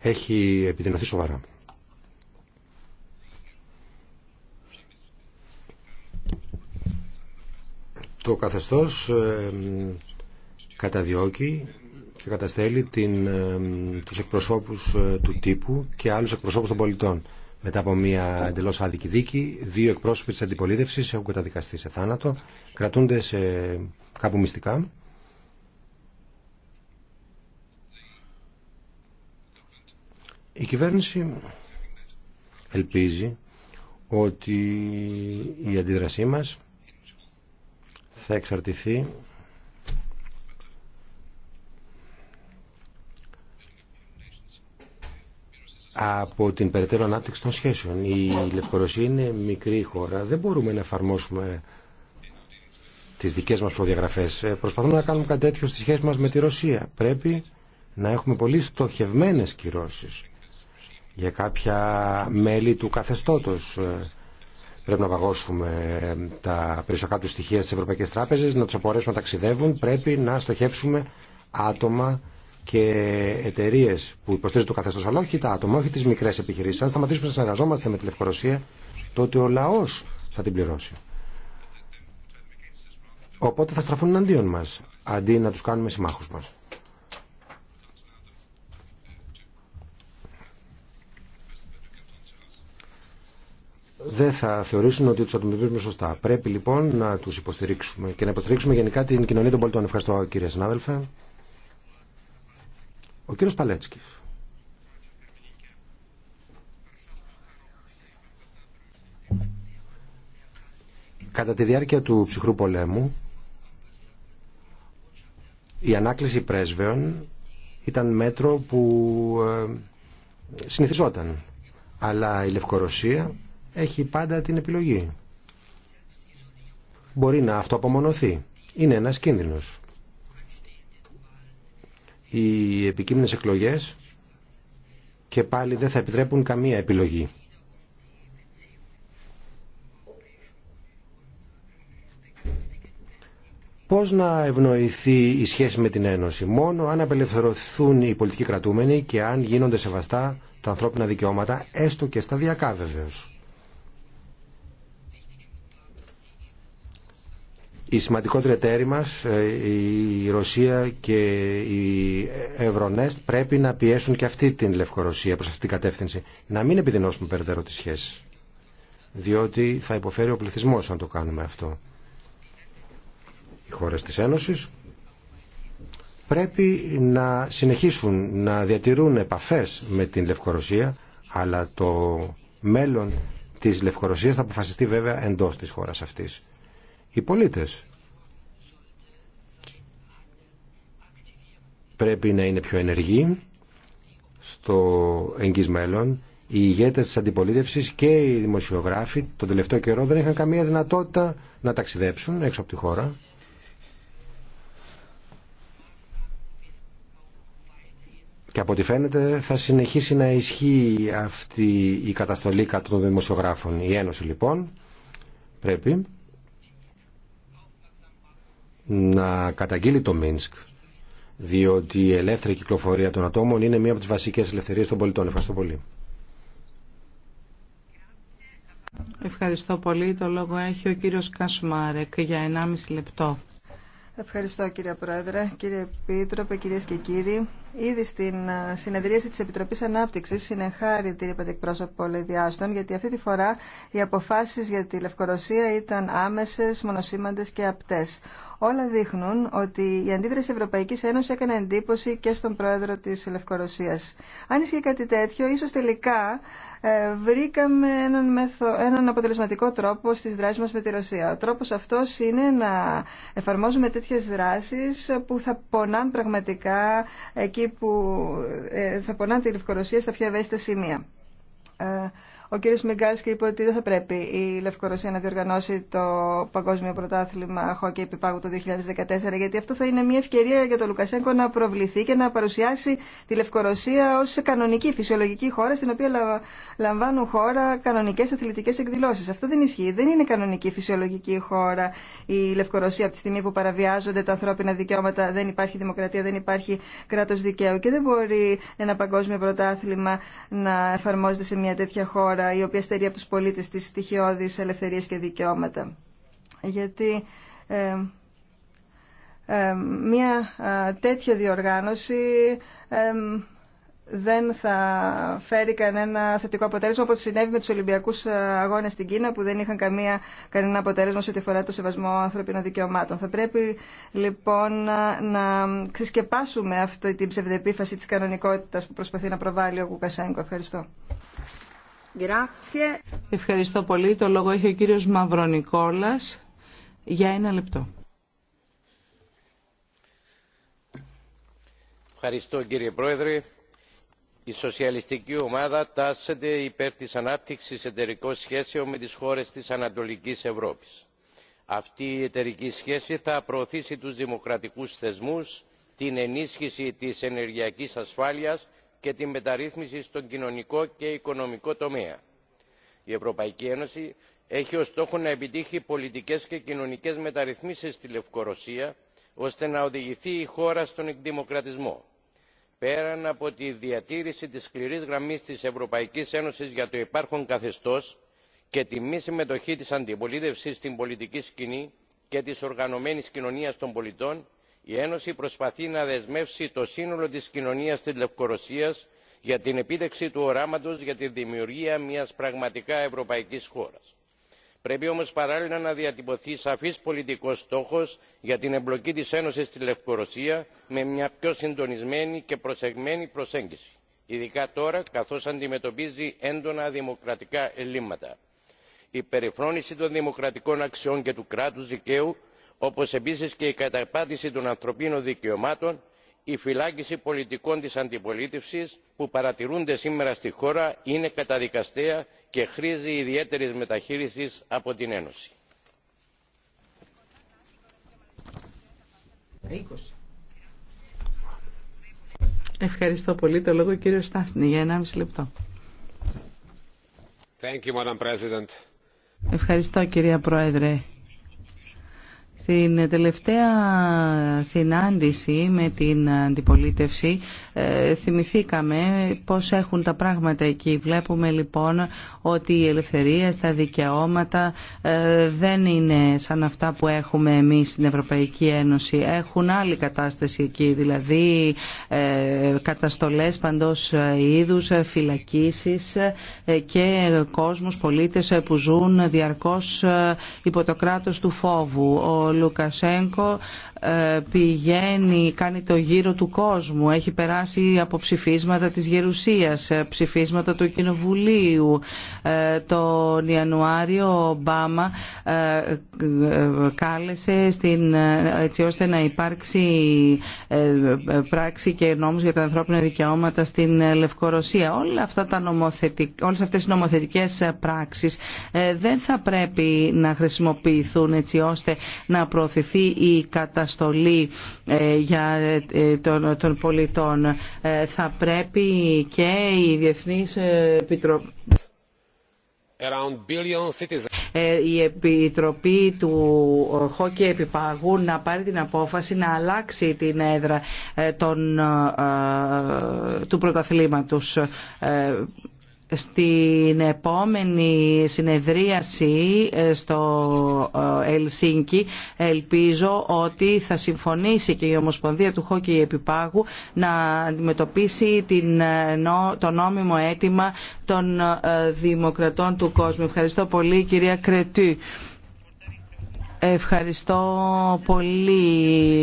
έχει επιδεινωθεί σοβαρά. Το καθεστώς καταδιώκει και καταστέλει την, τους εκπροσώπους ε, του τύπου και άλλους εκπροσώπους των πολιτών. Μετά από μια εντελώ άδικη δίκη, δύο εκπρόσωποι της αντιπολίτευσης έχουν καταδικαστεί σε θάνατο, κρατούνται σε κάπου μυστικά Η κυβέρνηση ελπίζει ότι η αντίδρασή μας θα εξαρτηθεί από την περαιτέρω ανάπτυξη των σχέσεων. Η Λευκορωσία είναι μικρή χώρα. Δεν μπορούμε να εφαρμόσουμε τις δικές μας προδιαγραφές. Ε, προσπαθούμε να κάνουμε κάτι τέτοιο στις σχέσεις μας με τη Ρωσία. Πρέπει να έχουμε πολύ στοχευμένες κυρώσεις για κάποια μέλη του καθεστώτος. Ε, πρέπει να παγώσουμε ε, τα περισσότερα του στοιχεία στις Ευρωπαϊκές Τράπεζες, να τους απορρέσουμε να ταξιδεύουν. Πρέπει να στοχεύσουμε άτομα και εταιρείε που υποστηρίζουν το καθεστώ, αλλά όχι τα άτομα, όχι τι μικρέ επιχειρήσει. Αν σταματήσουμε να συνεργαζόμαστε με τη Λευκορωσία, τότε ο λαό θα την πληρώσει. Οπότε θα στραφούν εναντίον μα, αντί να του κάνουμε συμμάχου μα. δεν θα θεωρήσουν ότι του αντιμετωπίζουμε σωστά. Πρέπει λοιπόν να του υποστηρίξουμε και να υποστηρίξουμε γενικά την κοινωνία των πολιτών. Ευχαριστώ κύριε συνάδελφε. Ο κύριο Παλέτσκι. Κατά τη διάρκεια του ψυχρού πολέμου, η ανάκληση πρέσβεων ήταν μέτρο που ε, συνηθιζόταν. Αλλά η Λευκορωσία έχει πάντα την επιλογή. Μπορεί να αυτοαπομονωθεί. Είναι ένας κίνδυνος. Οι επικείμενες εκλογές και πάλι δεν θα επιτρέπουν καμία επιλογή. Πώς να ευνοηθεί η σχέση με την Ένωση, μόνο αν απελευθερωθούν οι πολιτικοί κρατούμενοι και αν γίνονται σεβαστά τα ανθρώπινα δικαιώματα, έστω και σταδιακά βεβαίως. οι σημαντικότεροι εταίροι μας, ε, η Ρωσία και η Ευρωνέστ, πρέπει να πιέσουν και αυτή την Λευκορωσία προς αυτή την κατεύθυνση. Να μην επιδεινώσουμε περαιτέρω τις σχέσεις. Διότι θα υποφέρει ο πληθυσμός αν το κάνουμε αυτό. Οι χώρες της Ένωσης πρέπει να συνεχίσουν να διατηρούν επαφές με την Λευκορωσία, αλλά το μέλλον της Λευκορωσίας θα αποφασιστεί βέβαια εντός της χώρας αυτής οι πολίτες. Πρέπει να είναι πιο ενεργοί στο εγγύς μέλλον. Οι ηγέτες της αντιπολίτευσης και οι δημοσιογράφοι τον τελευταίο καιρό δεν είχαν καμία δυνατότητα να ταξιδέψουν έξω από τη χώρα. Και από ό,τι φαίνεται θα συνεχίσει να ισχύει αυτή η καταστολή κατά των δημοσιογράφων. Η Ένωση λοιπόν πρέπει να καταγγείλει το Μίνσκ, διότι η ελεύθερη κυκλοφορία των ατόμων είναι μία από τις βασικές ελευθερίες των πολιτών. Ευχαριστώ πολύ. Ευχαριστώ πολύ. Το λόγο έχει ο κύριος Κασμάρεκ για 1,5 λεπτό. Ευχαριστώ κύριε Πρόεδρε, κύριε Επίτροπε, κυρίες και κύριοι. Ήδη στην ε, συνεδρίαση της Επιτροπής Ανάπτυξης συνεχάρει την εκπρόσωπο πολυδιάστων γιατί αυτή τη φορά οι αποφάσεις για τη Λευκορωσία ήταν άμεσες, μονοσήμαντες και απτές. Όλα δείχνουν ότι η αντίδραση Ευρωπαϊκής Ένωσης έκανε εντύπωση και στον πρόεδρο της Λευκορωσίας. Αν ισχύει κάτι τέτοιο, ίσως τελικά ε, βρήκαμε έναν, μεθο... έναν αποτελεσματικό τρόπο στις δράσεις μας με τη Ρωσία. Ο τρόπος αυτός είναι να εφαρμόζουμε τέτοιες δράσεις που θα πονάν πραγματικά εκεί που ε, θα πονάνε τη Λευκορωσία στα πιο ευαίσθητα σημεία. Ε, ο κύριος και είπε ότι δεν θα πρέπει η Λευκορωσία να διοργανώσει το Παγκόσμιο Πρωτάθλημα Χόκκι Επιπάγου το 2014, γιατί αυτό θα είναι μια ευκαιρία για τον Λουκασέγκο να προβληθεί και να παρουσιάσει τη Λευκορωσία ως κανονική φυσιολογική χώρα στην οποία λαμβάνουν χώρα κανονικέ αθλητικές εκδηλώσει. Αυτό δεν ισχύει. Δεν είναι κανονική φυσιολογική χώρα η Λευκορωσία από τη στιγμή που παραβιάζονται τα ανθρώπινα δικαιώματα, δεν υπάρχει δημοκρατία, δεν υπάρχει κράτο δικαίου και δεν μπορεί ένα παγκόσμιο πρωτάθλημα να εφαρμόζεται σε μια τέτοια χώρα χώρα η οποία στερεί από τους πολίτες τις στοιχειώδεις ελευθερίες και δικαιώματα. Γιατί ε, ε, μια τέτοια διοργάνωση ε, δεν θα φέρει κανένα θετικό αποτέλεσμα όπως συνέβη με τους Ολυμπιακούς ε, Αγώνες στην Κίνα που δεν είχαν καμία, κανένα αποτέλεσμα σε ό,τι αφορά το σεβασμό ανθρωπίνων δικαιωμάτων. Θα πρέπει λοιπόν να ξεσκεπάσουμε αυτή την ψευδεπίφαση της κανονικότητας που προσπαθεί να προβάλλει ο Κουκασάνικο. Ευχαριστώ. Ευχαριστώ πολύ. Το λόγο έχει ο κύριος Μαυρονικόλας για ένα λεπτό. Ευχαριστώ κύριε Πρόεδρε. Η σοσιαλιστική ομάδα τάσσεται υπέρ της ανάπτυξης εταιρικών σχέσεων με τις χώρες της Ανατολικής Ευρώπης. Αυτή η εταιρική σχέση θα προωθήσει τους δημοκρατικούς θεσμούς, την ενίσχυση της ενεργειακής ασφάλειας και τη μεταρρύθμιση στον κοινωνικό και οικονομικό τομέα. η ευρωπαϊκή ένωση έχει ως στόχο να επιτύχει πολιτικές και κοινωνικές μεταρρυθμίσεις στη λευκορωσία ώστε να οδηγηθεί η χώρα στον εκδημοκρατισμό. πέραν από τη διατήρηση της σκληρής γραμμής της ευρωπαϊκής ένωσης για το υπάρχον καθεστώς και τη μη συμμετοχή της αντιπολίτευσης στην πολιτική σκηνή και της οργανωμένης κοινωνίας των πολιτών η ένωση προσπαθεί να δεσμεύσει το σύνολο της κοινωνίας της λευκορωσίας για την επίτευξη του οράματος για τη δημιουργία μιας πραγματικά ευρωπαϊκής χώρας. πρέπει όμως παράλληλα να διατυπωθεί σαφής πολιτικός στόχος για την εμπλοκή της ένωσης στη λευκορωσία με μια πιο συντονισμένη και προσεγμένη προσέγγιση ειδικά τώρα καθώς αντιμετωπίζει έντονα δημοκρατικά ελλείμματα. η περιφρόνηση των δημοκρατικών αξιών και του κράτους δικαίου όπως επίσης και η καταπάτηση των ανθρωπίνων δικαιωμάτων η φυλάκιση πολιτικών της αντιπολίτευσης που παρατηρούνται σήμερα στη χώρα είναι καταδικαστέα και χρήζει ιδιαίτερη μεταχείρισης από την ένωση. Ευχαριστώ πολύ. λόγο κύριο Στάθνη 1,5 λεπτό. Ευχαριστώ κυρία Πρόεδρε. Στην τελευταία συνάντηση με την αντιπολίτευση ε, θυμηθήκαμε πώς έχουν τα πράγματα εκεί. Βλέπουμε λοιπόν ότι η ελευθερία στα δικαιώματα ε, δεν είναι σαν αυτά που έχουμε εμείς στην Ευρωπαϊκή Ένωση. Έχουν άλλη κατάσταση εκεί, δηλαδή ε, καταστολές παντός είδους, φυλακίσεις και κόσμους, πολίτες που ζουν διαρκώς υπό το κράτος του φόβου. Ο Λουκασέγκο ε, πηγαίνει, κάνει το γύρο του κόσμου, έχει περάσει από ψηφίσματα της Γερουσίας, ε, ψηφίσματα του Κοινοβουλίου. Ε, τον Ιανουάριο ο Ομπάμα κάλεσε στην, έτσι ώστε να υπάρξει πράξη και νόμους για τα ανθρώπινα δικαιώματα στην Λευκορωσία. Όλα αυτά τα Όλες αυτές οι νομοθετικές πράξεις δεν θα πρέπει να χρησιμοποιηθούν έτσι ώστε να προωθηθεί η καταστροφή καταστολή ε, για ε, τον πολιτών. Ε, θα πρέπει και η Διεθνής Επιτροπή η Επιτροπή του Χόκκι Επιπαγού να πάρει την απόφαση να αλλάξει την έδρα των, του πρωταθλήματος στην επόμενη συνεδρίαση ε, στο ε, Ελσίνκι ελπίζω ότι θα συμφωνήσει και η Ομοσπονδία του Χόκκι Επιπάγου να αντιμετωπίσει την, ε, το νόμιμο αίτημα των δημοκρατών του κόσμου. Ευχαριστώ πολύ κυρία Κρετού. Ευχαριστώ πολύ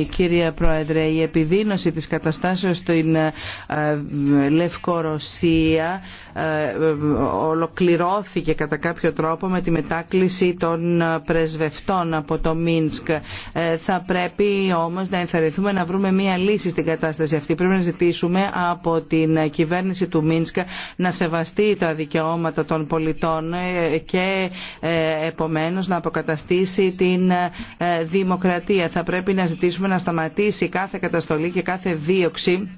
κυρία Πρόεδρε. Η επιδείνωση της καταστάσεως στην ε, Λευκορωσία ε, ολοκληρώθηκε κατά κάποιο τρόπο με τη μετάκληση των πρεσβευτών από το Μίνσκ. Ε, θα πρέπει όμως να ενθαρρυνθούμε να βρούμε μία λύση στην κατάσταση αυτή. Πρέπει να ζητήσουμε από την κυβέρνηση του Μίνσκ να σεβαστεί τα δικαιώματα των πολιτών και επομένως να αποκαταστήσει την την ε, ε, δημοκρατία. Θα πρέπει να ζητήσουμε να σταματήσει κάθε καταστολή και κάθε δίωξη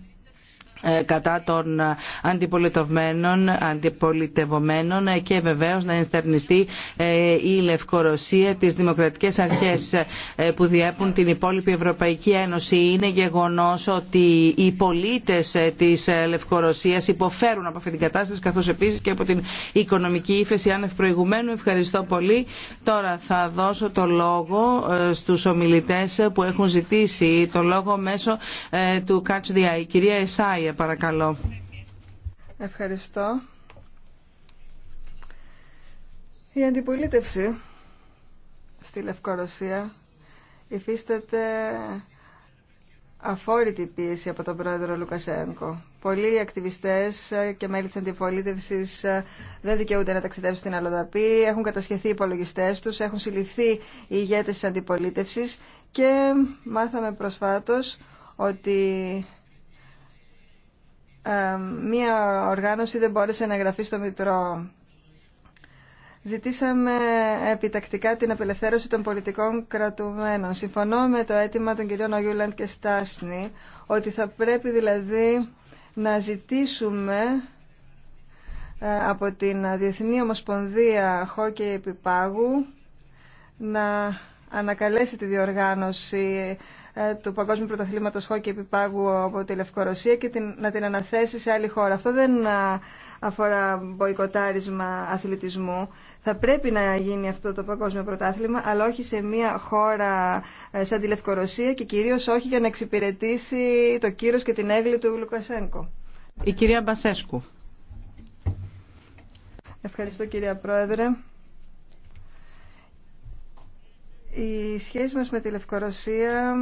ε, κατά των αντιπολιτευμένων, αντιπολιτευομένων και βεβαίως να ενστερνιστεί ε, η Λευκορωσία τις δημοκρατικές αρχές ε, που διέπουν την υπόλοιπη Ευρωπαϊκή Ένωση. Είναι γεγονός ότι οι πολίτες της Λευκορωσίας υποφέρουν από αυτή την κατάσταση καθώς επίσης και από την οικονομική ύφεση άνευ προηγουμένου. Ευχαριστώ πολύ. Τώρα θα δώσω το λόγο στους ομιλητές που έχουν ζητήσει το λόγο μέσω του Catch the Eye. Κυρία Εσάη, παρακαλώ. Ευχαριστώ. Η αντιπολίτευση στη Λευκορωσία υφίσταται αφόρητη πίεση από τον πρόεδρο Λουκασένκο. Πολλοί ακτιβιστές και μέλη της αντιπολίτευσης δεν δικαιούνται να ταξιδεύσουν στην Αλλοδαπή, έχουν κατασχεθεί οι υπολογιστές τους, έχουν συλληφθεί οι ηγέτες της αντιπολίτευσης και μάθαμε προσφάτως ότι ε, μία οργάνωση δεν μπόρεσε να εγγραφεί στο Μητρό. Ζητήσαμε επιτακτικά την απελευθέρωση των πολιτικών κρατουμένων. Συμφωνώ με το αίτημα των κυρίων Αγιούλαντ και Στάσνη ότι θα πρέπει δηλαδή να ζητήσουμε ε, από την Διεθνή Ομοσπονδία Χόκκι Επιπάγου να ανακαλέσει τη διοργάνωση ε, του Παγκόσμιου Πρωταθλήματος Χόκκι Επιπάγου από τη Λευκορωσία και την, να την αναθέσει σε άλλη χώρα. Αυτό δεν αφορά μποϊκοτάρισμα αθλητισμού. Θα πρέπει να γίνει αυτό το Παγκόσμιο Πρωτάθλημα, αλλά όχι σε μια χώρα ε, σαν τη Λευκορωσία και κυρίως όχι για να εξυπηρετήσει το κύρος και την έγκλη του Λουκασένκο. Η κυρία Μπασέσκου. Ευχαριστώ κυρία Πρόεδρε. Οι σχέσεις μας με τη Λευκορωσία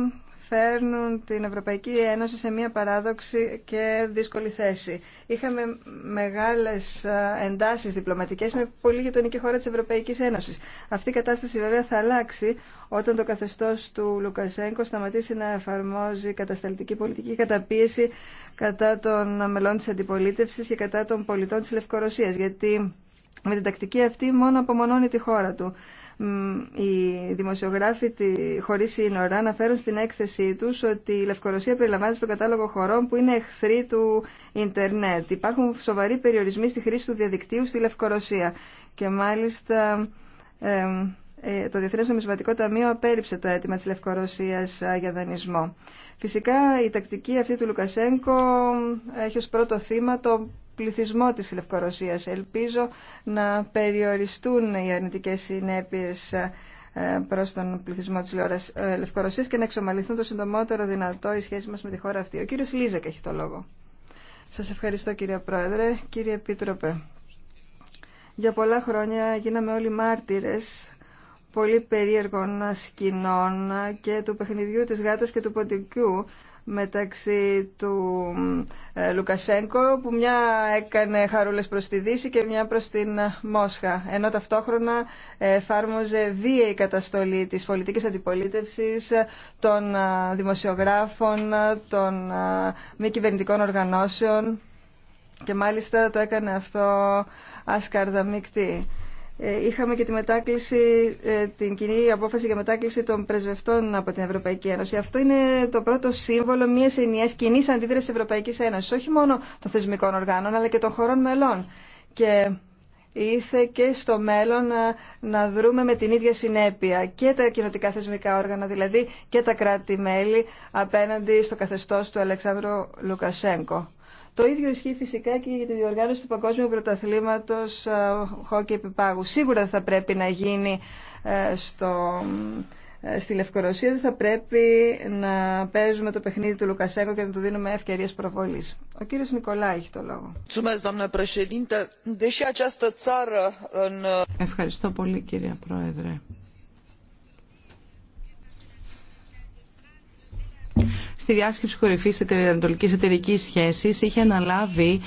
φέρνουν την Ευρωπαϊκή Ένωση σε μια παράδοξη και δύσκολη θέση. Είχαμε μεγάλες ε, εντάσεις διπλωματικές με πολύ γειτονική χώρα της Ευρωπαϊκής Ένωσης. Αυτή η κατάσταση βέβαια θα αλλάξει όταν το καθεστώς του Λουκασέγκο σταματήσει να εφαρμόζει κατασταλτική πολιτική καταπίεση κατά των μελών της αντιπολίτευσης και κατά των πολιτών της Λευκορωσίας. Γιατί με την τακτική αυτή μόνο απομονώνει τη χώρα του οι δημοσιογράφοι χωρίς σύνορα αναφέρουν στην έκθεσή τους ότι η Λευκορωσία περιλαμβάνεται στον κατάλογο χωρών που είναι εχθροί του ίντερνετ. Υπάρχουν σοβαροί περιορισμοί στη χρήση του διαδικτύου στη Λευκορωσία. Και μάλιστα ε, το Διεθνές Νομισματικό Ταμείο απέρριψε το αίτημα της Λευκορωσίας για δανεισμό. Φυσικά η τακτική αυτή του Λουκασέγκο ε, έχει ως πρώτο θύμα το πληθυσμό της Λευκορωσίας. Ελπίζω να περιοριστούν οι αρνητικές συνέπειες ε, προς τον πληθυσμό της ε, Λευκορωσίας και να εξομαλυθούν το συντομότερο δυνατό οι σχέσεις μας με τη χώρα αυτή. Ο κύριος Λίζεκ έχει το λόγο. Σας ευχαριστώ κύριε Πρόεδρε, κύριε Επίτροπε. Για πολλά χρόνια γίναμε όλοι μάρτυρες πολύ περίεργων σκηνών και του παιχνιδιού της γάτας και του ποντικού μεταξύ του ε, Λουκασέγκο που μια έκανε χαρούλες προς τη Δύση και μια προς την ε, Μόσχα ενώ ταυτόχρονα εφάρμοζε βίαιη καταστολή της πολιτικής αντιπολίτευσης ε, των δημοσιογράφων, των μη κυβερνητικών οργανώσεων και μάλιστα το έκανε αυτό ασκαρδαμικτή. Ε, είχαμε και τη μετάκληση, ε, την κοινή απόφαση για μετάκληση των πρεσβευτών από την Ευρωπαϊκή Ένωση. Αυτό είναι το πρώτο σύμβολο μια ενιαία κοινή αντίδραση Ευρωπαϊκή Ένωση, όχι μόνο των θεσμικών οργάνων, αλλά και των χωρών μελών. Και ήθε και στο μέλλον ε, να, δρούμε με την ίδια συνέπεια και τα κοινοτικά θεσμικά όργανα, δηλαδή και τα κράτη-μέλη απέναντι στο καθεστώ του Αλεξάνδρου Λουκασέγκο. Το ίδιο ισχύει φυσικά και για τη διοργάνωση του Παγκόσμιου Πρωταθλήματος ε, Χόκκι Επιπάγου. Σίγουρα θα πρέπει να γίνει ε, στο... Ε, στη Λευκορωσία δεν θα πρέπει να παίζουμε το παιχνίδι του Λουκασέκο και να του δίνουμε ευκαιρίε προβολή. Ο κύριο Νικολά έχει το λόγο. Ευχαριστώ πολύ κύριε Πρόεδρε στη διάσκεψη κορυφή Ανατολική εταιρική σχέση είχε αναλάβει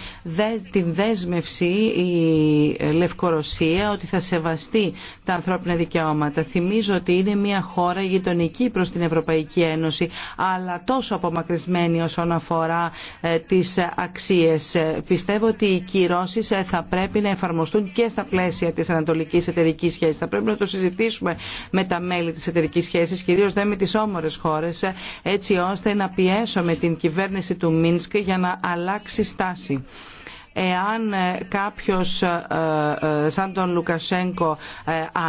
την δέσμευση η ε, Λευκορωσία ότι θα σεβαστεί τα ανθρώπινα δικαιώματα. Θυμίζω ότι είναι μια χώρα γειτονική προ την Ευρωπαϊκή Ένωση, αλλά τόσο απομακρυσμένη όσον αφορά ε, τι αξίε. Πιστεύω ότι οι κυρώσει ε, θα πρέπει να εφαρμοστούν και στα πλαίσια τη Ανατολική εταιρική σχέση. Θα πρέπει να το συζητήσουμε με τα μέλη τη εταιρική σχέση, κυρίω δε με τι όμορε χώρε, έτσι ώστε να πιέσω με την κυβέρνηση του Μίνσκ για να αλλάξει στάση εάν ε, κάποιος ε, ε, σαν τον Λουκασέγκο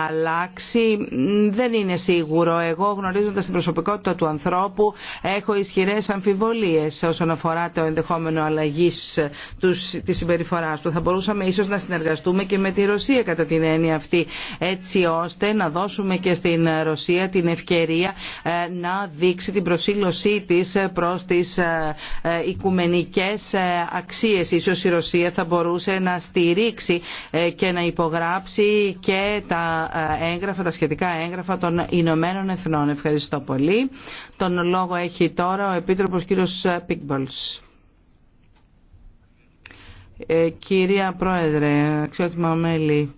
αλλάξει δεν είναι σίγουρο. Εγώ γνωρίζοντας την προσωπικότητα του ανθρώπου έχω ισχυρές αμφιβολίες όσον αφορά το ενδεχόμενο αλλαγής της συμπεριφοράς του. Θα μπορούσαμε ίσως να συνεργαστούμε και με τη Ρωσία κατά την έννοια αυτή έτσι ώστε να δώσουμε και στην Ρωσία την ευκαιρία να δείξει την προσήλωσή της προς τις οικουμενικές αξίες. Ίσως η Ρωσία ουσία θα μπορούσε να στηρίξει ε, και να υπογράψει και τα ε, έγγραφα, τα σχετικά έγγραφα των Ηνωμένων Εθνών. Ευχαριστώ πολύ. Τον λόγο έχει τώρα ο Επίτροπος κ. Πίκμπολς. Ε, κυρία Πρόεδρε, αξιότιμα μέλη,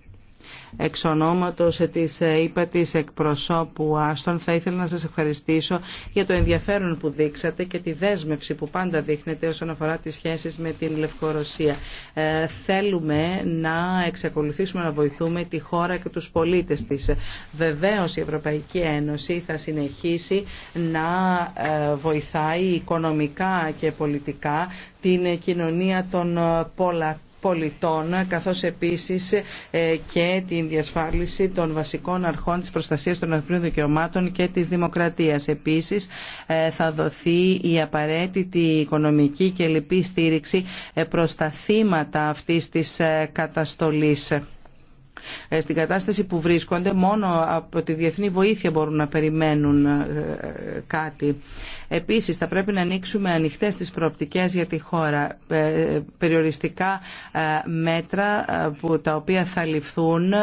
Εξ ονόματος της ε, είπα της εκπροσώπου Άστον θα ήθελα να σας ευχαριστήσω για το ενδιαφέρον που δείξατε και τη δέσμευση που πάντα δείχνετε όσον αφορά τις σχέσεις με την Λευκορωσία. Ε, θέλουμε να εξακολουθήσουμε να βοηθούμε τη χώρα και τους πολίτες της. Βεβαίως η Ευρωπαϊκή Ένωση θα συνεχίσει να ε, βοηθάει οικονομικά και πολιτικά την κοινωνία των πολλατών πολιτών καθώς επίσης ε, και την διασφάλιση των βασικών αρχών της προστασίας των ανθρωπίνων δικαιωμάτων και της δημοκρατίας. Επίσης ε, θα δοθεί η απαραίτητη οικονομική και λυπή στήριξη ε, προς τα θύματα αυτής της καταστολής. Στην κατάσταση που βρίσκονται μόνο από τη διεθνή βοήθεια μπορούν να περιμένουν κάτι. Επίσης θα πρέπει να ανοίξουμε ανοιχτές τις προοπτικές για τη χώρα. Ε, ε, περιοριστικά ε, μέτρα που τα οποία θα ληφθούν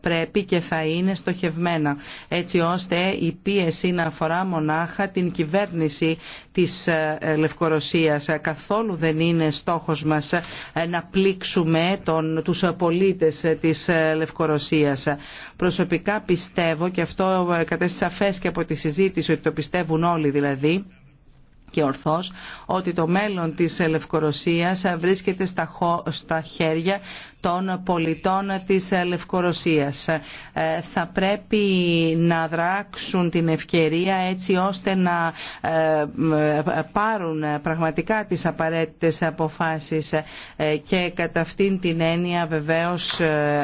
πρέπει και θα είναι στοχευμένα έτσι ώστε η πίεση να αφορά μονάχα την κυβέρνηση της Λευκορωσίας. Καθόλου δεν είναι στόχος μας να πλήξουμε τον, τους πολίτες της Λευκορωσίας. Προσωπικά πιστεύω και αυτό κατέστησα σαφές και από τη συζήτηση ότι το πιστεύουν όλοι δηλαδή και ορθώς ότι το μέλλον της Λευκορωσίας βρίσκεται στα χέρια των πολιτών της Λευκορωσίας. Ε, θα πρέπει να δράξουν την ευκαιρία έτσι ώστε να ε, ε, πάρουν πραγματικά τις απαραίτητες αποφάσεις και κατά αυτήν την έννοια βεβαίως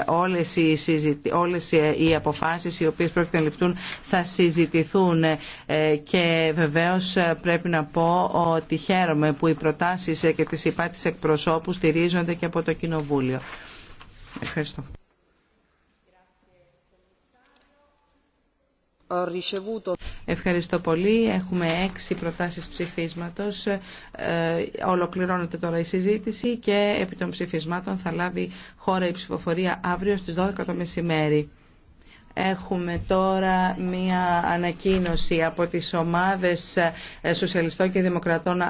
όλες οι, συζητη... όλες οι αποφάσεις οι οποίες πρόκειται να ληφθούν θα συζητηθούν και βεβαίως πρέπει να πω ότι χαίρομαι που οι προτάσεις και τις υπά στηρίζονται και από το Κοινοβούλιο. Ευχαριστώ. Ευχαριστώ πολύ. Έχουμε έξι προτάσεις ψηφίσματος. Ε, ολοκληρώνεται τώρα η συζήτηση και επί των ψηφισμάτων θα λάβει χώρα η ψηφοφορία αύριο στις 12 το μεσημέρι. Έχουμε τώρα μία ανακοίνωση από τις ομάδες ε, Σοσιαλιστών και Δημοκρατών